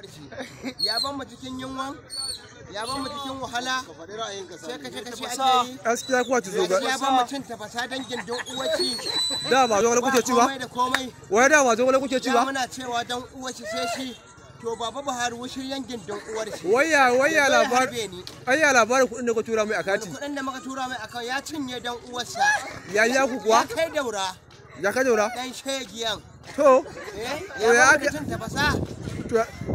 barci ya ban mu cikin yunwan ya ban mu cikin wahala sai ka ce ake yi gaskiya kuwa ci ya ban mu cin tafasa dangin don uwaci da ma zo wala kuke ci ba wai da ma zo wala kuke ci ba muna cewa don uwaci sai shi to baba Buhari wushin yankin don uwar shi waya waya labarin ayya labarin kudin da ka tura mai akati kudin da muka tura mai akati ya cinye don uwarsa ya ya ku kuwa ya kai daura ya kai daura dan to eh ya tafasa